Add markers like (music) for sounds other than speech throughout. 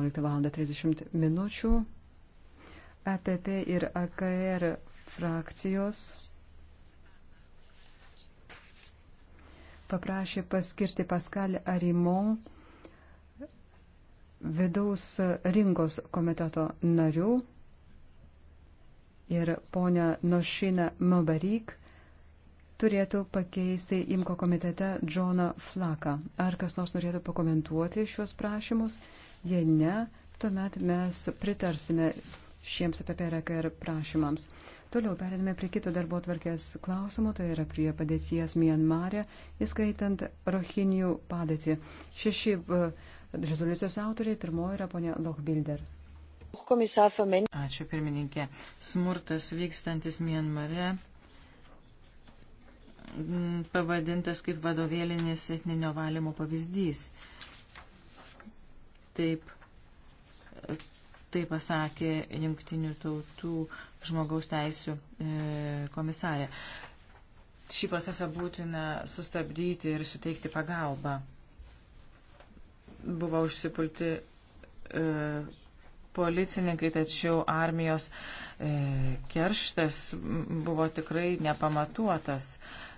11 val. 30 minučių. APP e ir AKR frakcijos paprašė paskirti Paskalį Arimon vidaus rinkos komiteto narių ir ponę Nošiną Mabaryk turėtų pakeisti Imko komitete Džoną Flaką. Ar kas nors norėtų pakomentuoti šios prašymus? Jei ne, tuomet mes pritarsime šiems apie PRKR prašymams. Toliau perėdame prie kito darbo tvarkės klausimo, tai yra prie padėties Mianmarė, įskaitant Rohinių padėtį. Šeši e, rezoliucijos autoriai, pirmoji yra ponia Lochbilder. Ačiū pirmininkė. Smurtas vykstantis Mianmarė pavadintas kaip vadovėlinis etninio valymo pavyzdys. Taip, taip pasakė jungtinių tautų žmogaus teisų e, komisarė. Šį procesą būtina sustabdyti ir suteikti pagalbą. Buvo užsipulti e, policininkai, tačiau armijos e, kerštas buvo tikrai nepamatuotas. E,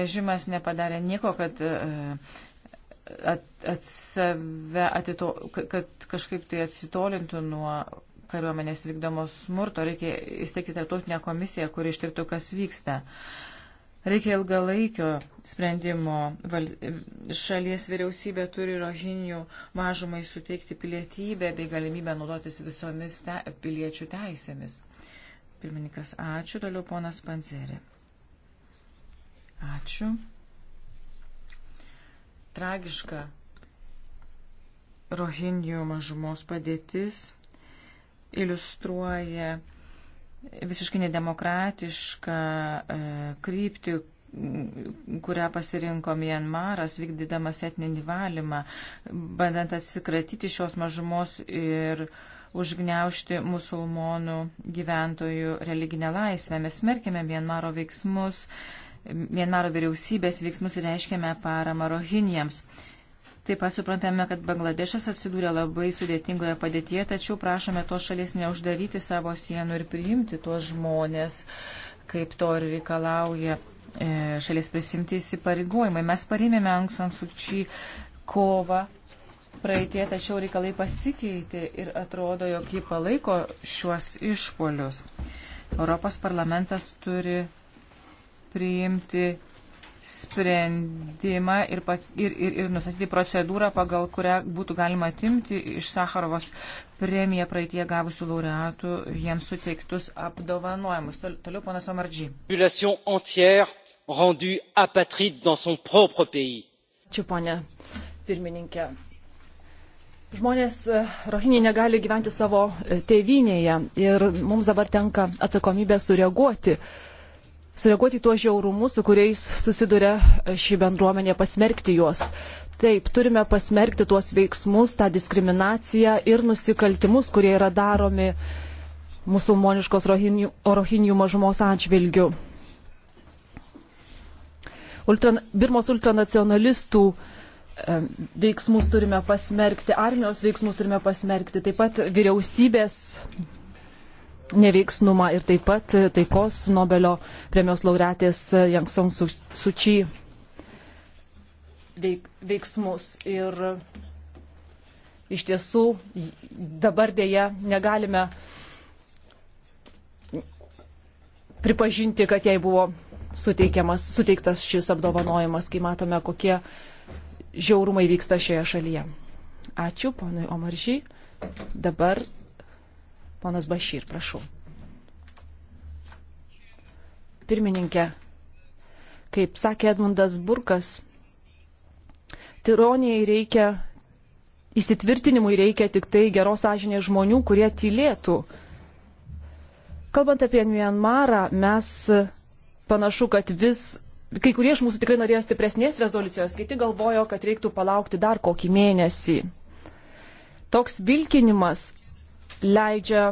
režimas nepadarė nieko, kad, e, at, at save atito, kad kažkaip tai atsitolintų nuo kariuomenės vykdomos smurto. Reikia įsteigti tarptautinę komisiją, kuri ištirtų, kas vyksta. Reikia ilgalaikio sprendimo. Val... Šalies vyriausybė turi rohinių mažumai suteikti pilietybę bei galimybę naudotis visomis te... piliečių teisėmis. Pirmininkas, ačiū. Toliau ponas Panzerė. Ačiū. Tragiška rohinijų mažumos padėtis iliustruoja visiškai nedemokratišką e, kryptį, kurią pasirinko Mienmaras, vykdydamas etninį valymą, bandant atsikratyti šios mažumos ir užgneušti musulmonų gyventojų religinę laisvę. Mes smerkime Mienmaro veiksmus Mienmaro vyriausybės veiksmus ir reiškėme paramą rohinijams. Taip pat suprantame, kad Bangladešas atsidūrė labai sudėtingoje padėtyje, tačiau prašome tos šalies neuždaryti savo sienų ir priimti tuos žmonės, kaip to ir reikalauja e, šalies prisimti įsipareigojimai. Mes parėmėme Anksan Suči kovą praeitie, tačiau reikalai pasikeitė ir atrodo, jog jį palaiko šiuos išpolius. Europos parlamentas turi priimti sprendimą ir, pat, ir, ir, ir nusatyti procedūrą, pagal kurią būtų galima atimti iš Sakarovos premiją praeitie gavusių laureatų jiems suteiktus apdovanojimus. Toliau, toliau ponas Omardži. Čia ponė pirmininkė. Žmonės e, rohiniai negali gyventi savo e, tėvynėje ir mums dabar tenka atsakomybė sureaguoti. Uh, sureaguoti tuos žiaurumus, su kuriais susiduria e, ši bendruomenė, pasmerkti juos. Taip, turime pasmerkti tuos veiksmus, tą diskriminaciją ir nusikaltimus, kurie yra daromi musulmoniškos rohinių mažumos atžvilgių. Ultran, Birmos ultranacionalistų e, veiksmus turime pasmerkti, armijos veiksmus turime pasmerkti, taip pat vyriausybės neveiksnumą ir taip pat e, taikos Nobelio premijos laureatės Jangsong e, Suči veik, veiksmus. Ir e, iš tiesų dabar dėja negalime pripažinti, kad jai buvo suteiktas šis apdovanojimas, kai matome, kokie žiaurumai vyksta šioje šalyje. Ačiū, ponui Omaržiai. Dabar Ponas Bašyr, prašau. Pirmininkė, kaip sakė Edmundas Burkas, tironijai reikia, įsitvirtinimui reikia tik tai geros sąžinės žmonių, kurie tylėtų. Kalbant apie Mianmarą, mes panašu, kad vis kai kurie iš mūsų tikrai norėjo stipresnės rezoliucijos, kiti galvojo, kad reiktų palaukti dar kokį mėnesį. Toks vilkinimas leidžia,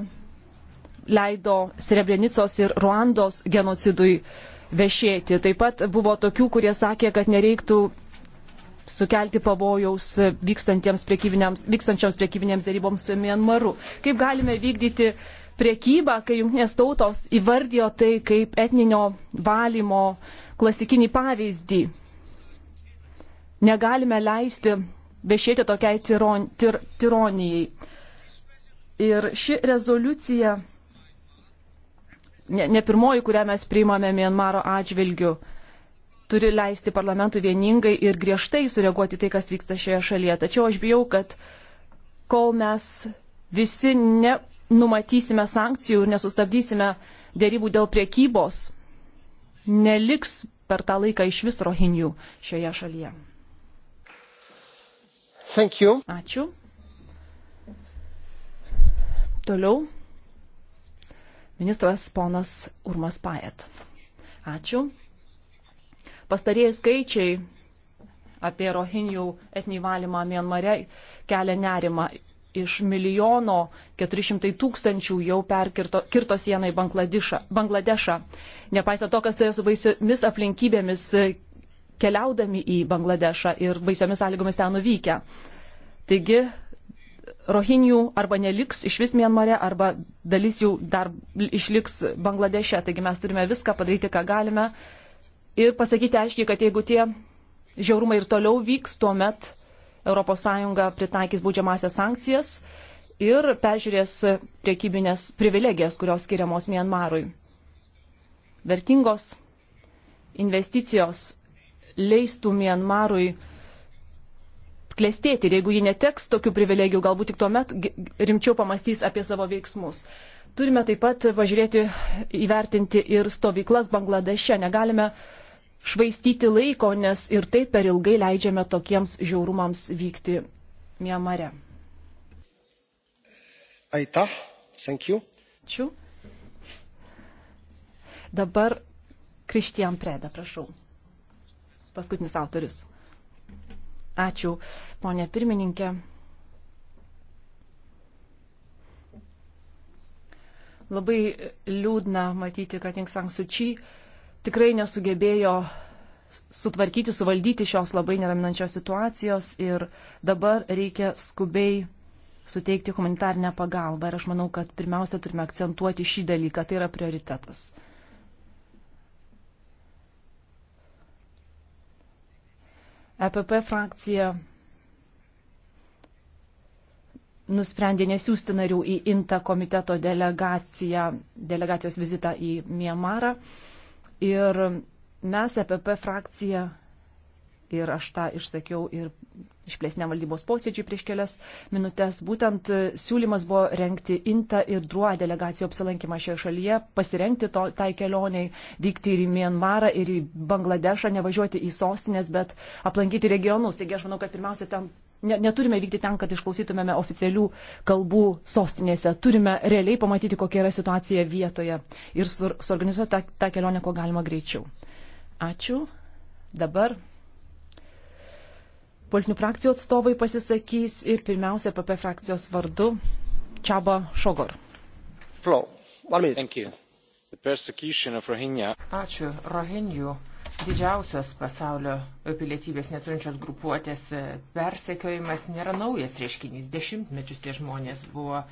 leido Srebrenicos ir Ruandos genocidui vešėti. Taip pat buvo tokių, kurie sakė, kad nereiktų sukelti pavojaus vykstančioms priekybinėms dėryboms su Mienmaru. Kaip galime vykdyti priekybą, kai jungtinės tautos įvardijo tai kaip etninio valymo klasikinį pavyzdį. Negalime leisti viešėti tokiai tiron, tir, tironijai. Ir ši rezoliucija, ne, ne pirmoji, kurią mes priimame Mienmaro atžvilgiu, turi leisti parlamentui vieningai ir griežtai sureaguoti tai, kas vyksta šioje šalyje. Tačiau aš bijau, kad kol mes visi nenumatysime sankcijų ir nesustabdysime dėrybų dėl priekybos, neliks per tą laiką iš vis rohinių šioje šalyje. Ačiū. Toliau ministras ponas Urmas Paet. Ačiū. Pastarėjai skaičiai apie rohinijų etnį valymą Mienmare kelia nerimą. Iš milijono 400 tūkstančių jau perkirto kirto sieną į Bangladešą. Nepaisant to, kas turėjo su baisiomis aplinkybėmis e, keliaudami į Bangladešą ir baisiomis sąlygomis ten nuvykę. Taigi rohinių arba neliks iš vis Mienmare, arba dalis jų dar išliks Bangladeše. Taigi mes turime viską padaryti, ką galime. Ir pasakyti aiškiai, kad jeigu tie žiaurumai ir toliau vyks, tuomet ES pritaikys baudžiamasias sankcijas ir peržiūrės priekybinės privilegijas, kurios skiriamos Mienmarui. Vertingos investicijos leistų Mienmarui klestėti. Ir jeigu ji neteks tokių privilegijų, galbūt tik tuomet rimčiau pamastys apie savo veiksmus. Turime taip pat pažiūrėti, įvertinti ir stovyklas Bangladeše. Negalime švaistyti laiko, nes ir taip per ilgai leidžiame tokiems žiaurumams vykti Miamare. Aita, thank you. Ačiū. Dabar Kristijan Preda, prašau. Paskutinis autorius. Ačiū, ponė pirmininkė. Labai liūdna matyti, kad Inksang Suči tikrai nesugebėjo sutvarkyti, suvaldyti šios labai neraminančios situacijos ir dabar reikia skubiai suteikti humanitarnę pagalbą. Ir aš manau, kad pirmiausia turime akcentuoti šį dalyką, tai yra prioritetas. EPP frakcija nusprendė nesiųsti narių į INTA komiteto delegaciją, delegacijos vizitą į Miemarą. Ir mes, EPP frakcija, ir aš tą išsakiau ir išplėsniam valdybos posėdžiui prieš kelias minutės. Būtent e, siūlymas buvo renkti INTA ir DRUA delegacijų apsilankymą šioje šalyje, pasirengti to, tai kelioniai, vykti ir į Mienmarą, ir į Bangladešą, nevažiuoti į sostinės, bet aplankyti regionus. Taigi aš manau, kad pirmiausia, ten, ne, neturime vykti ten, kad išklausytumėme oficialių kalbų sostinėse. Turime realiai pamatyti, kokia yra situacija vietoje ir suorganizuoti tą, tą kelionę, kuo galima greičiau. Ačiū. Dabar Politinių frakcijų atstovai pasisakys ir pirmiausia PP frakcijos vardu Čaba Šogor. Flow. One minute. Thank you. The persecution of Rohingya. Ačiū. Rohingyų didžiausios pasaulio pilietybės neturinčios grupuotės e, persekiojimas nėra naujas reiškinys. Dešimtmečius tie žmonės buvo e,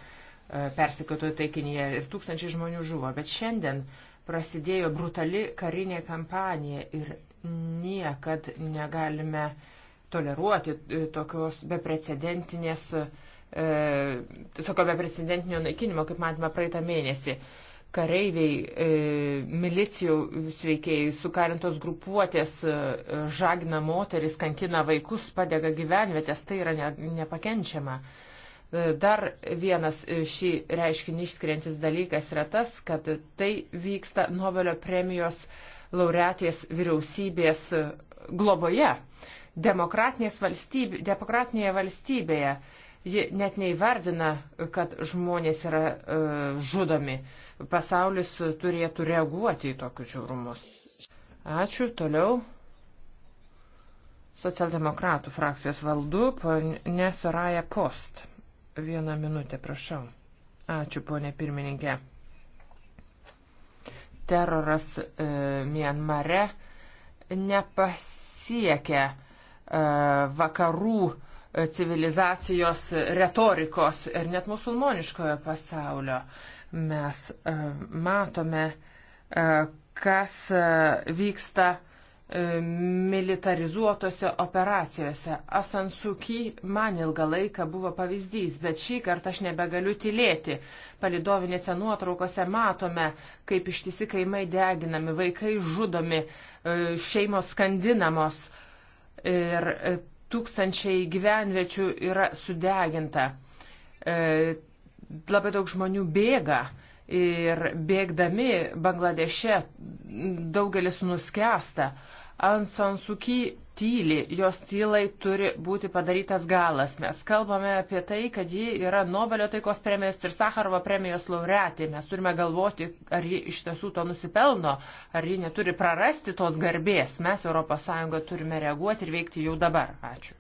persekiotojų taikinyje ir tūkstančiai žmonių žuvo. Bet šiandien prasidėjo brutali karinė kampanija ir niekad negalime uh, toleruoti e, tokios beprecedentinės, e, tokio beprecedentinio naikinimo, kaip matėme praeitą mėnesį. Kareiviai, e, milicijų sveikiai, sukarintos grupuotės e, žagina moteris, kankina vaikus, padega gyvenvietės, tai yra ne, nepakenčiama. E, dar vienas e, šį reiškinį išskiriantis dalykas yra tas, kad tai vyksta Nobelio premijos laureatės vyriausybės globoje. Valstybė, demokratinėje valstybėje ji net neįvardina, kad žmonės yra e, žudomi. Pasaulis turėtų reaguoti į tokius žiaurumus. Ačiū. Toliau. Socialdemokratų frakcijos valdu ponė Soraja Post. Vieną minutę, prašau. Ačiū, ponė pirmininkė. Teroras e, Mianmare nepasiekia E, vakarų e, civilizacijos retorikos ir net musulmoniškojo pasaulio. Mes e, matome, kas vyksta militarizuotose operacijose. Asansuki man ilgą laiką buvo pavyzdys, bet šį kartą aš nebegaliu tylėti. Palidovinėse nuotraukose matome, kaip ištisi kaimai deginami, vaikai žudomi, šeimos skandinamos, ir e, tūkstančiai gyvenviečių yra sudeginta. E, labai daug žmonių bėga ir bėgdami Bangladeše daugelis nuskęsta. Ansansuki tyli, jos tylai turi būti padarytas galas. Mes kalbame apie tai, kad ji yra Nobelio taikos premijos ir Sakarovo premijos laureatė. Mes turime galvoti, ar ji iš tiesų to nusipelno, ar ji neturi prarasti tos garbės. Mes ES turime reaguoti ir veikti jau dabar. Ačiū.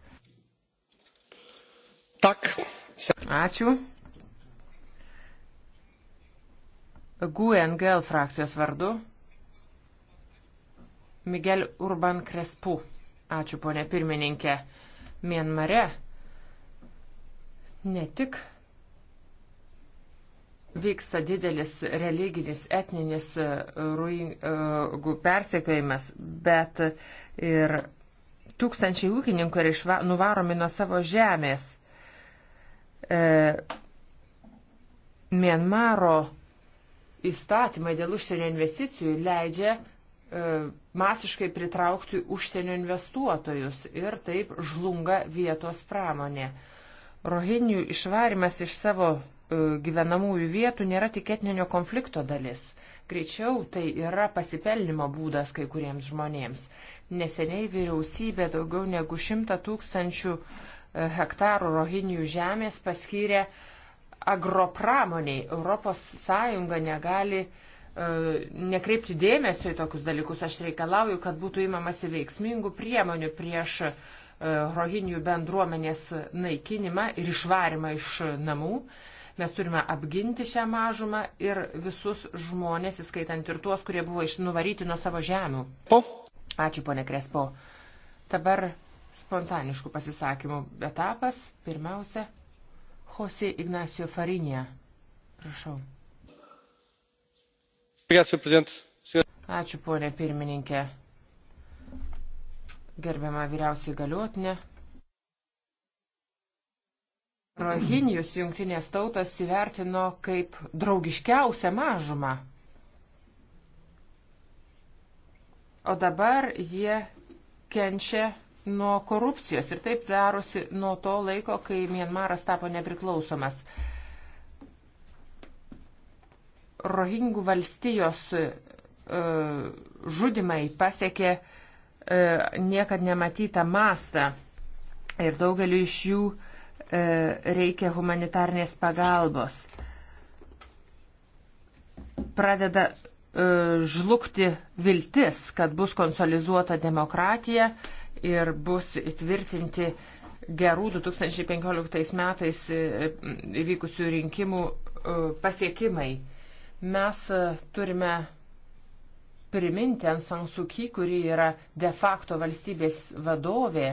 Tak. Ačiū. GUNGL frakcijos vardu Miguel Urban Crespu. Ačiū, ponė pirmininkė. Mienmare ne tik vyksta didelis religinis, etninis e, ruingų e, persekiojimas, bet ir tūkstančiai ūkininkų yra išva, nuvaromi nuo savo žemės. E, Mienmaro įstatymai dėl užsienio investicijų leidžia E, masiškai pritraukti užsienio investuotojus ir taip žlunga vietos pramonė. Rohinių išvarimas iš savo e, gyvenamųjų vietų nėra tik etninio konflikto dalis. Greičiau tai yra pasipelnimo būdas kai kuriems žmonėms. Neseniai vyriausybė daugiau negu 100 tūkstančių e, hektarų rohinių žemės paskyrė agropramoniai. ES negali uh, E, nekreipti dėmesio į tokius dalykus. Aš reikalauju, kad būtų įmamasi veiksmingų priemonių prieš e, rohinių bendruomenės naikinimą ir išvarimą iš namų. Mes turime apginti šią mažumą ir visus žmonės, įskaitant ir tuos, kurie buvo išnuvaryti nuo savo žemių. Po. Ačiū, ponė Krespo. Dabar spontaniškų pasisakymų etapas. Pirmiausia, Jose Ignacio Farinė. Prašau. Ačiū, ponė pirmininkė. Gerbiama vyriausiai galiuotinė. Rohinijus jungtinės tautos įvertino kaip draugiškiausią mažumą. O dabar jie kenčia nuo korupcijos ir taip darosi nuo to laiko, kai Mienmaras tapo nepriklausomas. Rohingų valstijos e, žudimai pasiekė e, niekad nematytą mastą ir daugeliu iš jų e, reikia humanitarnės pagalbos. Pradeda žlugti viltis, kad bus konsolizuota demokratija ir bus įtvirtinti gerų 2015 metais įvykusių rinkimų pasiekimai. Mes e, turime priminti ant Sansuky, kuri yra de facto valstybės vadovė,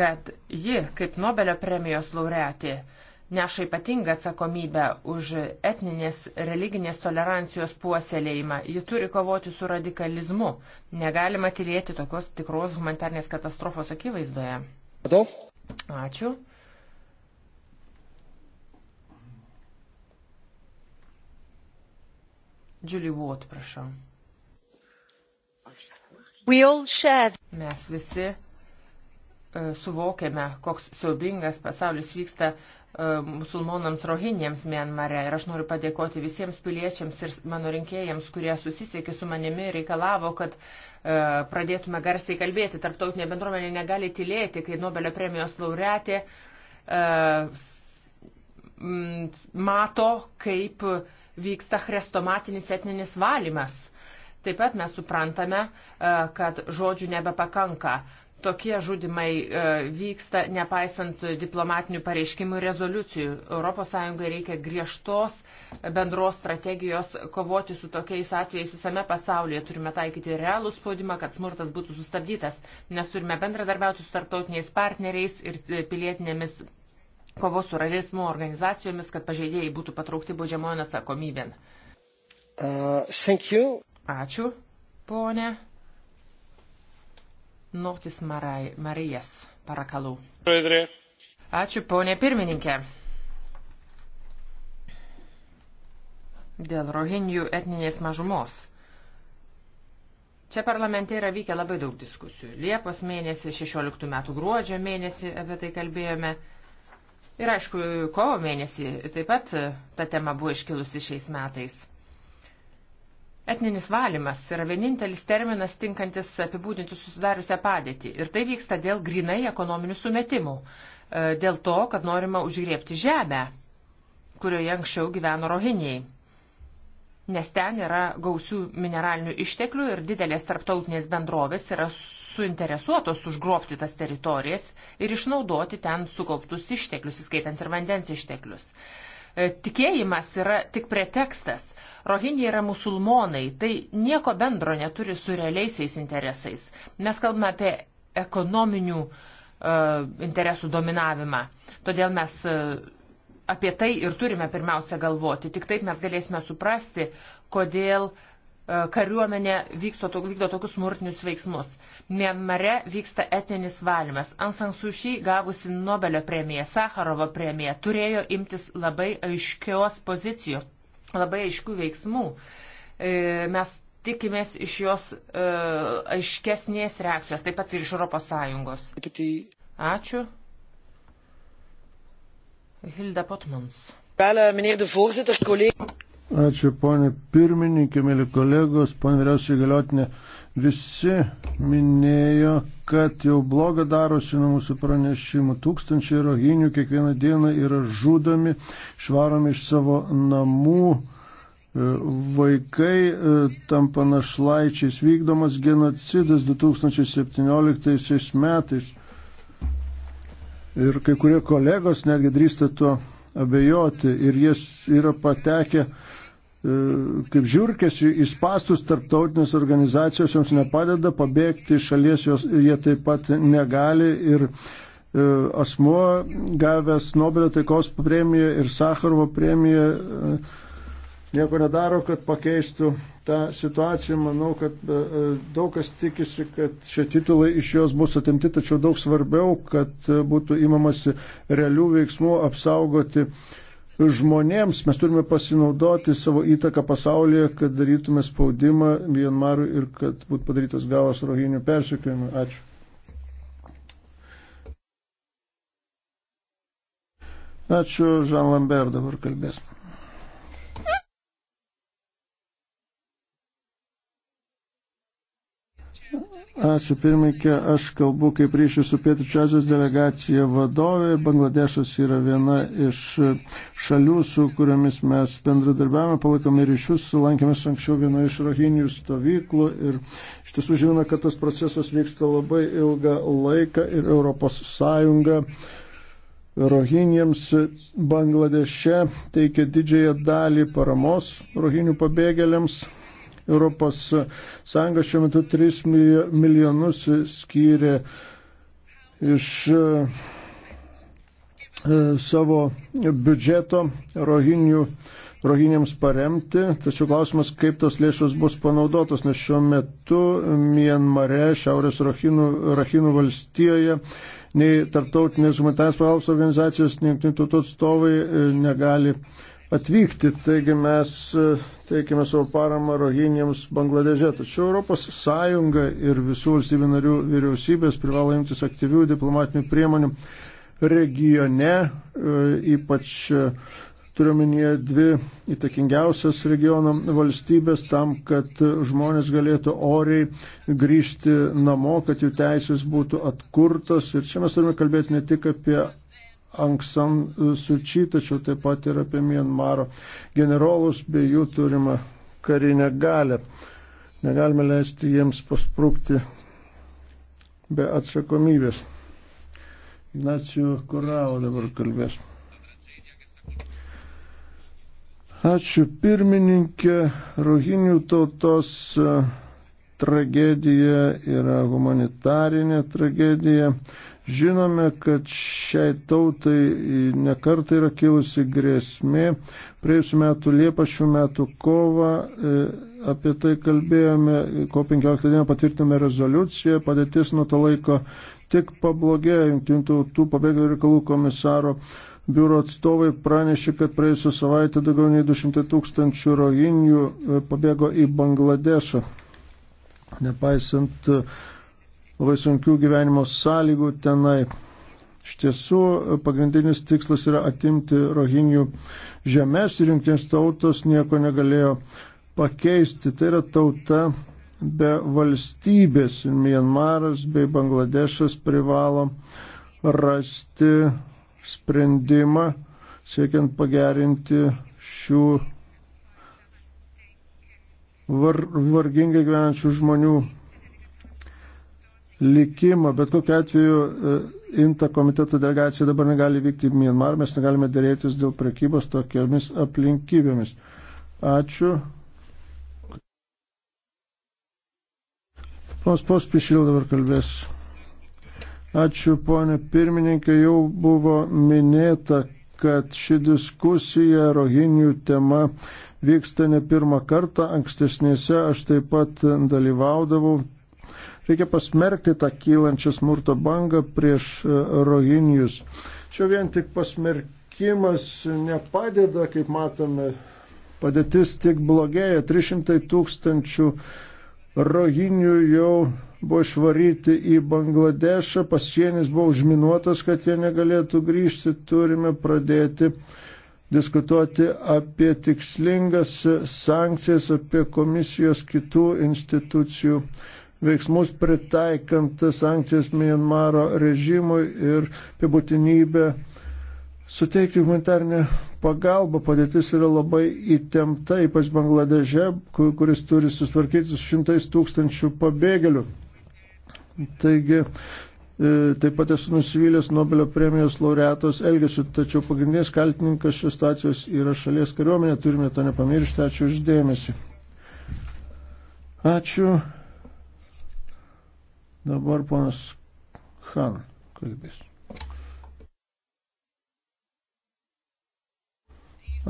kad ji, kaip Nobelio premijos laureatė, neša ypatingą atsakomybę už etninės religinės tolerancijos puoselėjimą. Ji turi kovoti su radikalizmu. Negalima tylėti tokios tikros humanitarnės katastrofos akivaizdoje. Ačiū. Julie Watt, prašau. Mes visi e, suvokėme, koks siaubingas pasaulis vyksta e, musulmonams rohinėms Mianmare. Ir aš noriu padėkoti visiems piliečiams ir mano rinkėjams, kurie susisiekė su manimi ir reikalavo, kad e, pradėtume garsiai kalbėti. Tarptautinė bendruomenė negali tylėti, kai Nobelio premijos laureatė mato, kaip vyksta chrestomatinis etninis valymas. Taip pat mes suprantame, e, kad žodžių nebepakanka. Tokie žudimai e, vyksta nepaisant diplomatinių pareiškimų ir rezoliucijų. ES reikia griežtos bendros strategijos kovoti su tokiais atvejais visame pasaulyje. Turime taikyti realų spaudimą, kad smurtas būtų sustabdytas, nes turime bendradarbiauti su tarptautiniais partneriais ir e, pilietinėmis kovos su rasizmu organizacijomis, kad pažeidėjai būtų patraukti baudžiamojon atsakomybėn. Uh, Ačiū, ponė. Notis Marai, Marijas, parakalų. Ačiū, ponė pirmininkė. Dėl rohinijų etninės mažumos. Čia parlamente yra vykę labai daug diskusijų. Liepos mėnesį, 16 metų gruodžio mėnesį apie tai kalbėjome. Ir aišku, kovo mėnesį taip pat e, ta tema buvo iškilusi šiais metais. Etninis valymas yra vienintelis terminas tinkantis apibūdinti susidariusią padėtį. Ir tai vyksta dėl grinai ekonominių sumetimų. E, dėl to, kad norima užgriepti žemę, kurioje anksčiau gyveno rohiniai. Nes ten yra gausių mineralinių išteklių ir didelės tarptautinės bendrovės yra suinteresuotos užgrobti tas teritorijas ir išnaudoti ten sukauptus išteklius, įskaitant ir vandens išteklius. E, tikėjimas yra tik pretekstas. Rohinė yra musulmonai, tai nieko bendro neturi su realiaisiais interesais. Mes kalbame apie ekonominių uh, interesų dominavimą. Todėl mes uh, apie tai ir turime pirmiausia galvoti. Tik taip mes galėsime suprasti, kodėl uh, E, kariuomenė vyksto, vykdo tokius smurtinius veiksmus. Miemare vyksta etninis valymas. Ansan Suši, gavusi Nobelio premiją, Sakarovo premiją, turėjo imtis labai aiškios pozicijos, labai aiškių veiksmų. E, mes tikimės iš jos e, aiškesnės reakcijos, taip pat ir iš ES. Ačiū. Hilda Potmans. Eh, meneer de voorzitter, collega's. Ačiū, ponė pirmininkė, mėly kolegos, ponė vyriausiai galiotinė. Visi minėjo, kad jau bloga darosi nuo mūsų pranešimų. Tūkstančiai rohinių kiekvieną dieną yra žudomi, švaromi iš savo namų. E, vaikai e, tampa našlaičiais vykdomas genocidas 2017 metais. Ir kai kurie kolegos netgi drįsta tuo abejoti ir jis yra patekę E, kaip žiūrkės į spastus tarptautinės organizacijos joms nepadeda pabėgti iš šalies, jos, jie taip pat negali ir e, asmuo gavęs Nobelio taikos premiją ir Sakarovo premiją e, nieko nedaro, kad pakeistų tą situaciją. Manau, kad daug kas tikisi, kad šie titulai iš jos bus atimti, tačiau daug svarbiau, kad būtų imamasi realių veiksmų apsaugoti uh, žmonėms. Mes turime pasinaudoti savo įtaką pasaulyje, kad darytume spaudimą Mianmarui ir kad būtų padarytas galas rohinių persikėjimui. Ačiū. Ačiū, Žan Lambert dabar kalbės. Ačiū pirmininkė, aš kalbu kaip ryšių su Pietričio Azijos delegacija vadovė. Bangladešas yra viena iš šalių, su kuriomis mes bendradarbiavame, palaikome ryšius, lankėmės anksčiau vienoje iš rohinijų stovyklų ir iš tiesų žinome, kad tas procesas vyksta labai ilgą laiką ir ES rohinijams Bangladeše teikia didžiąją dalį paramos rohinių pabėgėliams Europos Sąjunga šiuo metu 3 milijonus skyrė iš e, savo biudžeto rohinių, rohiniams paremti. Tačiau klausimas, kaip tos lėšos bus panaudotos, nes šiuo metu Mienmare, Šiaurės Rahinų, Rahinų valstijoje, nei tarptautinės humanitarės pagalbos organizacijos, nei jungtinių tautų atstovai e, negali atvykti. Taigi mes e, teikime savo paramą rohinijams Bangladeže. Tačiau ES ir visų valstybių narių vyriausybės privalo imtis aktyvių diplomatinių priemonių regione, e, ypač e, turiuomenyje dvi įtakingiausias regiono valstybės tam, kad žmonės galėtų oriai grįžti namo, kad jų teisės būtų atkurtos. Ir čia mes turime kalbėti ne tik apie Anksan Suči, tačiau taip pat ir apie Mienmaro generolus bei jų turimą karinę galę. Negalime leisti jiems pasprūkti be atsakomybės. Ignacijų Kuravo dabar kalbės. Ačiū pirmininkė, rohinių tautos e, tragedija yra humanitarinė tragedija Žinome, kad šiai tautai nekartai yra kilusi grėsmė. Praėjusiu metu Liepą, šių metų kovą e, apie tai kalbėjome, ko 15 dieną patvirtinome rezoliuciją, padėtis nuo to laiko tik pablogėjo. Junktinių tautų pabėgėlių reikalų komisaro biuro atstovai pranešė, kad praėjusią savaitę daugiau nei 200 tūkstančių rojinių e, pabėgo į Bangladešą. Nepaisant labai sunkių gyvenimo sąlygų tenai. Iš tiesų, pagrindinis tikslas yra atimti rohinių žemės ir jungtinės tautos nieko negalėjo pakeisti. Tai yra tauta be valstybės. Mianmaras bei Bangladešas privalo rasti sprendimą siekiant pagerinti šių var, vargingai gyvenančių žmonių likimą. Bet kokiu atveju e, INTA komiteto delegacija dabar negali vykti į Myanmar, mes negalime dėrėtis dėl prekybos tokiamis aplinkybėmis. Ačiū. Pons Pospišil dabar kalbės. Ačiū, ponė pirmininkė, jau buvo minėta, kad ši diskusija rohinių tema vyksta ne pirmą kartą. Ankstesnėse aš taip pat dalyvaudavau Reikia pasmerkti tą kylančią smurto bangą prieš e, rohinijus. Čia vien tik pasmerkimas nepadeda, kaip matome, padėtis tik blogėja. 300 tūkstančių rohinių jau buvo išvaryti į Bangladešą, pasienis buvo užminuotas, kad jie negalėtų grįžti, turime pradėti diskutuoti apie tikslingas sankcijas, apie komisijos kitų institucijų veiksmus pritaikant sankcijas Mienmaro režimui ir apie būtinybę suteikti humanitarnę pagalbą. Padėtis yra labai įtempta, ypač Bangladeže, kuris turi sustvarkyti su šimtais tūkstančių pabėgėlių. Taigi, e, Taip pat esu nusivylęs Nobelio premijos laureatos elgesiu, tačiau pagrindinis kaltininkas šios stacijos yra šalies kariuomenė, turime to nepamiršti, ačiū uždėmesi. Ačiū. Dabar ponas Han kalbės.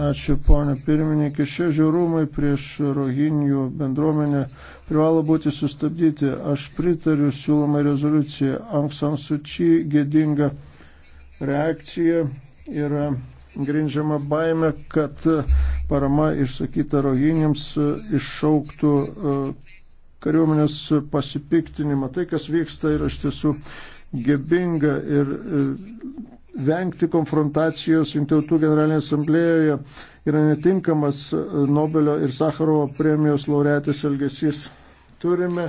Ačiū, ponė pirmininkė. Šie žiaurumai prieš rohinių bendruomenę privalo būti sustabdyti. Aš pritariu siūlomai rezoliucijai. Anksan Suči gėdinga reakcija yra grindžiama baime, kad parama išsakyta rohiniams iššauktų kariuomenės pasipiktinimą. Tai, kas vyksta, yra iš tiesų gebinga ir e, vengti konfrontacijos Jungtautų generalinėje asamblėjoje yra netinkamas e, Nobelio ir Sakarovo premijos laureatės elgesys. Turime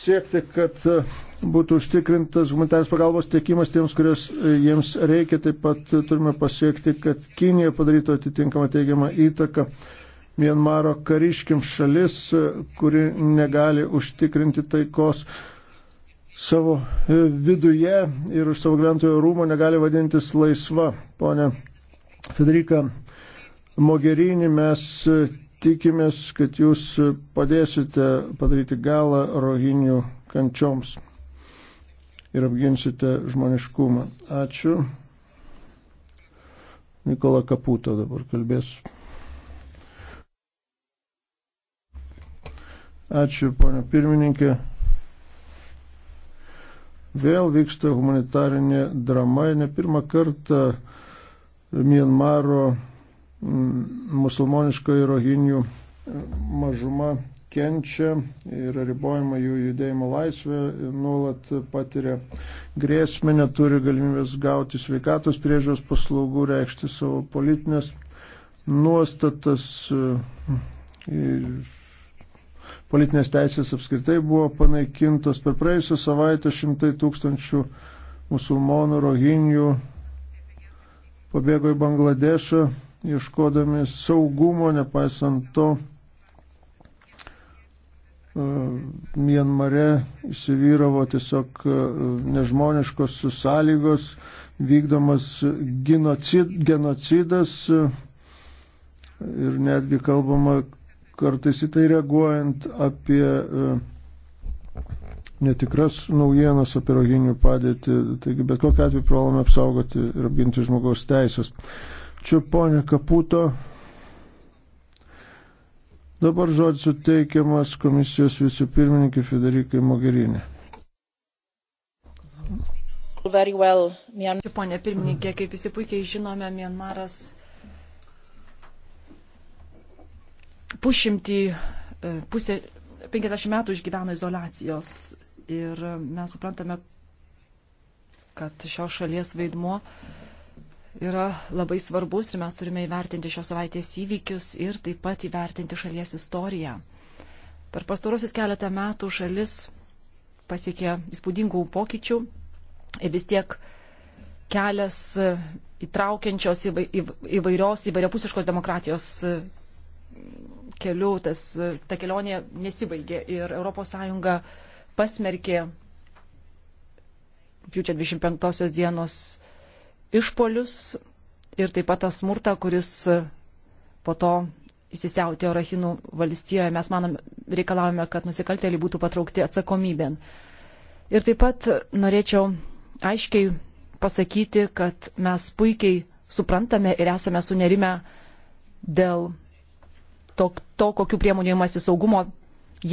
siekti, kad e, būtų užtikrintas humanitarės pagalbos tiekimas tiems, kurias jiems reikia. Taip pat turime pasiekti, kad Kinija padarytų atitinkamą teigiamą įtaką Mienmaro kariškim šalis, kuri negali užtikrinti taikos savo viduje ir už savo gyventojų rūmų negali vadintis laisva. Pone Federika Mogerinį, mes tikimės, kad jūs padėsite padaryti galą rohinių kančioms ir apginsite žmoniškumą. Ačiū. Nikola Kaputo dabar kalbės. Ačiū, ponio pirmininkė. Vėl vyksta humanitarinė drama. Ne pirmą kartą Mienmaro mm, musulmoniškoji rohinių mažuma kenčia ir ribojama jų judėjimo laisvė, nuolat patiria grėsmę, neturi galimybės gauti sveikatos priežiūros paslaugų, reikšti savo politinės nuostatas. Mm, ir politinės teisės apskritai buvo panaikintos. Per praėjusią savaitę šimtai tūkstančių musulmonų, rohinių pabėgo į Bangladešą, ieškodami saugumo, nepaisant to, e, Mienmare įsivyravo tiesiog e, nežmoniškos sąlygos, vykdomas genocid, genocidas e, ir netgi kalbama, kartais į tai reaguojant apie e, netikras naujienas apie roginių padėtį. Taigi bet kokiu atveju privalome apsaugoti ir apginti žmogaus teisės. Čia ponė Kaputo. Dabar žodis suteikiamas komisijos vicepirmininkai Federikai Mogherini. Well. Pone pirmininkė, kaip visi puikiai žinome, Mianmaras pusšimtį, e, pusė, 50 metų išgyveno izolacijos ir mes suprantame, kad šios šalies vaidmuo yra labai svarbus ir mes turime įvertinti šios savaitės įvykius ir taip pat įvertinti šalies istoriją. Per pastarosius keletą metų šalis pasiekė įspūdingų pokyčių ir vis tiek kelias įtraukiančios įvairios įvairiapusiškos demokratijos keliu, tas, ta kelionė nesibaigė ir ES pasmerkė rūpiučio 25 dienos išpolius ir taip pat tą smurtą, kuris po to įsisiautė Rahinų valstijoje. Mes manom, reikalavome, kad nusikaltėliai būtų patraukti atsakomybėn. Ir taip pat norėčiau aiškiai pasakyti, kad mes puikiai suprantame ir esame sunerime dėl to, to kokiu priemonių įmasi saugumo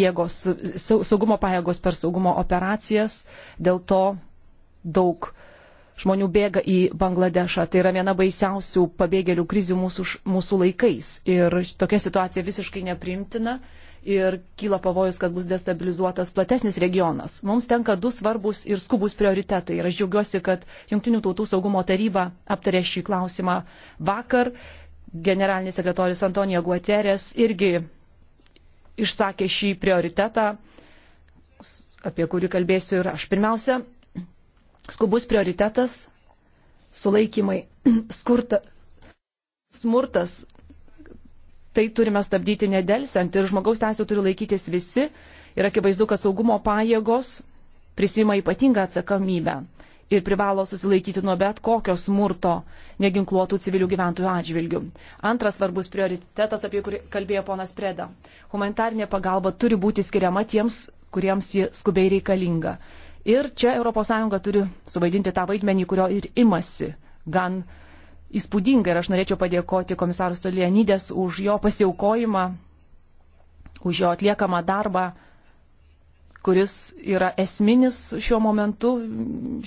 jėgos, saugumo pajėgos per saugumo operacijas, dėl to daug žmonių bėga į Bangladešą. Tai yra viena baisiausių pabėgėlių krizių mūsų, mūsų laikais. Ir tokia situacija visiškai neprimtina ir kyla pavojus, kad bus destabilizuotas platesnis regionas. Mums tenka du svarbus ir skubus prioritetai. Ir aš džiaugiuosi, kad Junktinių tautų saugumo taryba aptarė šį klausimą vakar generalinis sekretorius Antonijo Guaterės irgi išsakė šį prioritetą, apie kurį kalbėsiu ir aš. Pirmiausia, skubus prioritetas - sulaikymai, (clears throat) skurta, smurtas. Tai turime stabdyti nedelsiant ir žmogaus teisų turi laikytis visi. Ir akivaizdu, kad saugumo pajėgos prisima ypatingą atsakomybę ir privalo susilaikyti nuo bet kokio smurto neginkluotų civilių gyventojų atžvilgių. Antras svarbus prioritetas, apie kurį kalbėjo ponas Preda. Humanitarinė pagalba turi būti skiriama tiems, kuriems ji skubiai reikalinga. Ir čia ES turi suvaidinti tą vaidmenį, kurio ir imasi gan įspūdingai. Ir aš norėčiau padėkoti komisarus Tolienydės už jo pasiaukojimą, už jo atliekamą darbą kuris yra esminis šiuo momentu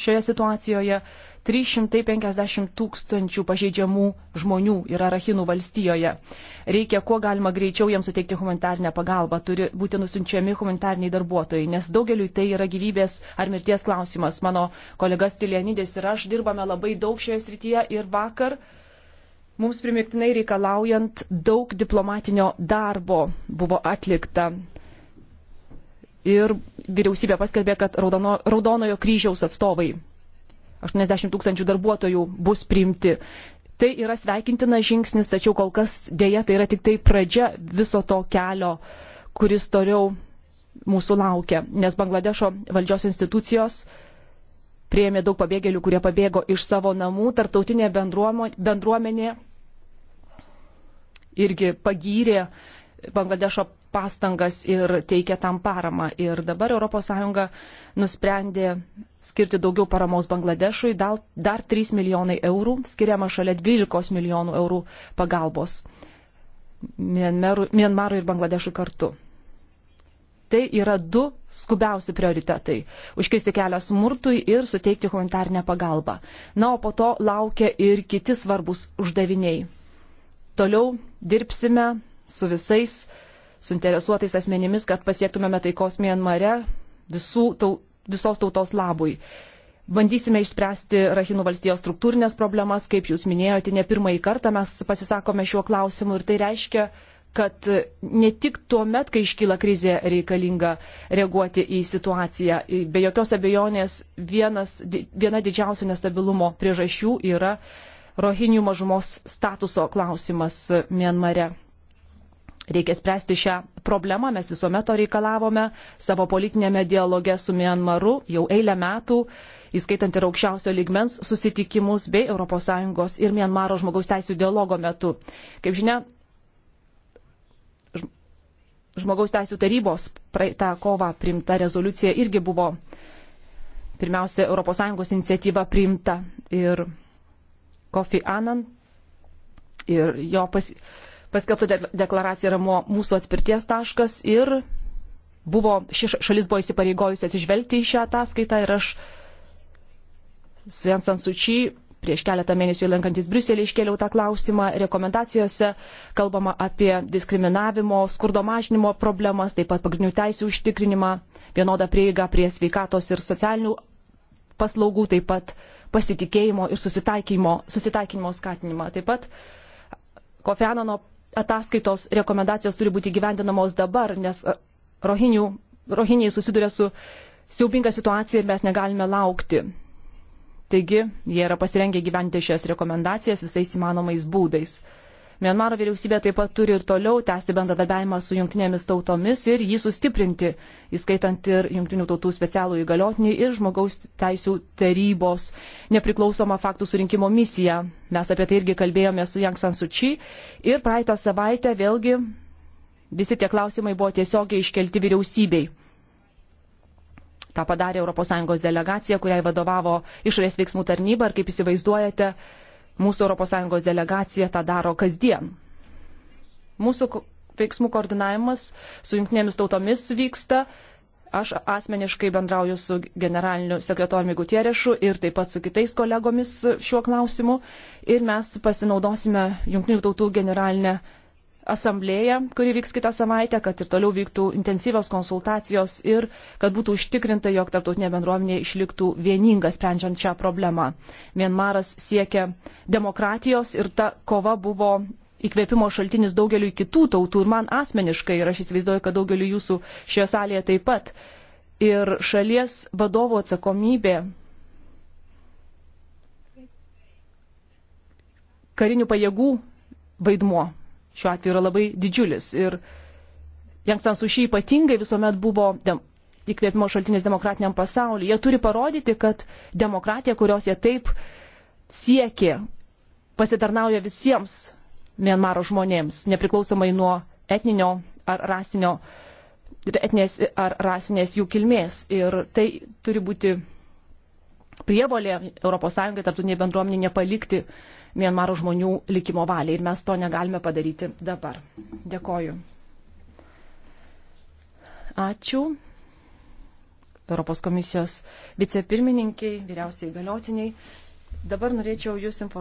šioje situacijoje. 350 tūkstančių pažeidžiamų žmonių yra Rahinų valstijoje. Reikia kuo galima greičiau jiems suteikti humanitarnę pagalbą, turi būti nusinčiami humanitarniai darbuotojai, nes daugeliu tai yra gyvybės ar mirties klausimas. Mano kolegas Tilianidės ir aš dirbame labai daug šioje srityje ir vakar mums primiktinai reikalaujant daug diplomatinio darbo buvo atlikta ir vyriausybė paskelbė, kad raudono, Raudonojo kryžiaus atstovai 80 tūkstančių darbuotojų bus priimti. Tai yra sveikintinas žingsnis, tačiau kol kas dėja tai yra tik tai pradžia viso to kelio, kuris toliau mūsų laukia, nes Bangladešo valdžios institucijos prieėmė daug pabėgėlių, kurie pabėgo iš savo namų, tarptautinė bendruomenė irgi pagyrė uh, Bangladešo pastangas ir teikia tam paramą. Ir dabar ES nusprendė skirti daugiau paramos Bangladešui, dar, dar 3 milijonai eurų, skiriama šalia 12 milijonų eurų pagalbos Mienmarui ir Bangladešui kartu. Tai yra du skubiausi prioritetai - užkisti kelią smurtui ir suteikti humanitarnę pagalbą. Na, o po to laukia ir kiti svarbus uždaviniai. Toliau dirbsime su visais suinteresuotais asmenimis, kad pasiektumėme taikos Mienmare tau, visos tautos labui. Bandysime išspręsti Rahinų valstijos struktūrinės problemas, kaip jūs minėjote, ne pirmąjį kartą mes pasisakome šiuo klausimu ir tai reiškia, kad ne tik tuo met, kai iškyla krizė, reikalinga reaguoti į situaciją. Be jokios abejonės vienas, viena didžiausių nestabilumo priežasčių yra rohinių mažumos statuso klausimas Mienmare. Reikia spręsti šią problemą, mes visuomet to reikalavome savo politinėme dialoge su Mianmaru jau eilę metų, įskaitant ir aukščiausio lygmens susitikimus bei ES ir Mianmaro žmogaus teisų dialogo metu. Kaip žinia, žmogaus teisų tarybos praeitą kovą priimta rezoliucija irgi buvo pirmiausia ES iniciatyva priimta ir Kofi Anan ir jo pasirinkimas paskelbta deklaracija yra mūsų atspirties taškas ir buvo, ši šalis buvo įsipareigojusi atsižvelgti į šią ataskaitą ir aš Sen Sansučiai prieš keletą mėnesių lankantis Briuselį iškėliau tą klausimą. Rekomendacijose kalbama apie diskriminavimo, skurdo mažinimo problemas, taip pat pagrindinių teisų užtikrinimą, vienodą prieigą prie sveikatos ir socialinių paslaugų, taip pat pasitikėjimo ir susitaikymo, susitaikymo skatinimą. Taip pat Kofianano ataskaitos rekomendacijos turi būti gyvendinamos dabar, nes e, rohinių, rohiniai susiduria su siaubinga situacija ir mes negalime laukti. Taigi, jie yra pasirengę gyventi šias rekomendacijas visais įmanomais būdais. Mianmaro vyriausybė taip pat turi ir toliau tęsti bendradarbiavimą su jungtinėmis tautomis ir jį sustiprinti, įskaitant ir jungtinių tautų specialų įgaliotinį ir žmogaus teisų tarybos nepriklausomą faktų surinkimo misiją. Mes apie tai irgi kalbėjome su Yang San Suči ir praeitą savaitę vėlgi visi tie klausimai buvo tiesiogiai iškelti vyriausybei. Ta padarė ES delegacija, kuriai vadovavo išorės veiksmų tarnyba ir kaip įsivaizduojate, Mūsų ES delegacija tą daro kasdien. Mūsų veiksmų koordinavimas su jungtinėmis tautomis vyksta. Aš asmeniškai bendrauju su generaliniu sekretoriumi Gutierešu ir taip pat su kitais kolegomis šiuo klausimu. Ir mes pasinaudosime jungtinių tautų generalinę asamblėją, kuri vyks kitą savaitę, kad ir toliau vyktų intensyvios konsultacijos ir kad būtų užtikrinta, jog tarptautinė bendruomenė išliktų vieninga sprendžiant šią problemą. Mienmaras siekia demokratijos ir ta kova buvo įkvėpimo šaltinis daugeliu kitų tautų ir man asmeniškai, ir aš įsivaizduoju, kad daugeliu jūsų šioje salėje taip pat. Ir šalies vadovo atsakomybė karinių pajėgų vaidmuo šiuo atveju yra labai didžiulis. Ir Janksan Suši ypatingai visuomet buvo įkvėpimo šaltinis demokratiniam pasauliu. Jie turi parodyti, kad demokratija, kurios jie taip siekė, pasitarnauja visiems Mienmaro žmonėms, nepriklausomai nuo etninio ar rasinio, etinės ar rasinės jų kilmės. Ir tai turi būti prievolė ES, tarptautinė bendruomenė, nepalikti Mienmaro žmonių likimo valiai. Ir mes to negalime padaryti dabar. Dėkoju. Ačiū. Europos komisijos vicepirmininkiai, vyriausiai galiotiniai. Dabar norėčiau Jūs informuoti.